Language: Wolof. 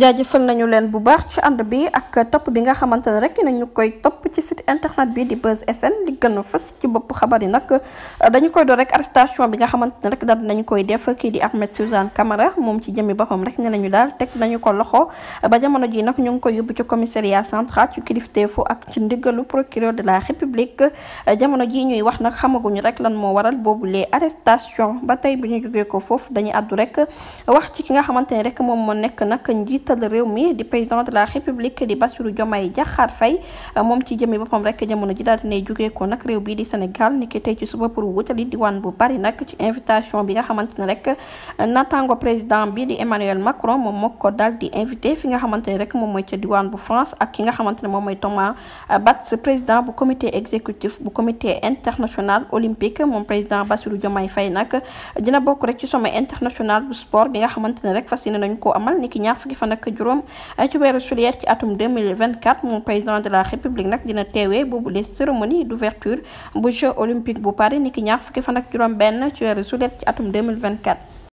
jaajëfal nañu leen bu baax ci ànd bi ak topp bi nga xamante ne rek nañu koy topp ci site internet bi di Buzz SN li a fës ci bopp xabar yi nag dañu koy door rek arrestation bi nga xamante ne rek daal nañu koy def kii di Ahmed Suzanne Camara moom ci jëmmi boppam rek ne nañu daal teg nañu ko loxo ba jamono ji nag ñu ngi koy yóbbu ci commissariat central ci kilifteefu ak ci ndigalu procureur de la république jamono ji ñuy wax nag xamaguñu rek lan moo waral boobu les arrestation ba tey bi ñu jógee ko foofu dañuy àddu rek wax ci ki nga xamante ne njiital réew mi di président de la république di Bassirou Diomaye Diakhar Faye moom ci jëmee boppam rek jamono ji daal dinay ko nag réew bii di Sénégal ni ki tey ci suba pour wutali diwaan bu bari nag ci invitation bi nga xamante ne rek naataango président bi di Emmanuel Macron moom moo ko daal di invité fi nga xamante ne rek moom mooy ca diwaan bu France ak ki nga xamante ne moom mooy Thomas Bats président bu comité exécutif bu comité international olympique moom président Bassirou Diomaye Faye nag dina bokk rek ci sommet international bu sport bi nga xamante ne rek ak juróom ci weeru juillet ci atum 2024 moom président de la république nag dina teewee boobu les cérémonie d'ouverture bu jeux olympique bu Paris niki ñaar fukki fan ak juróom benn ci weeru juillet ci atum 2024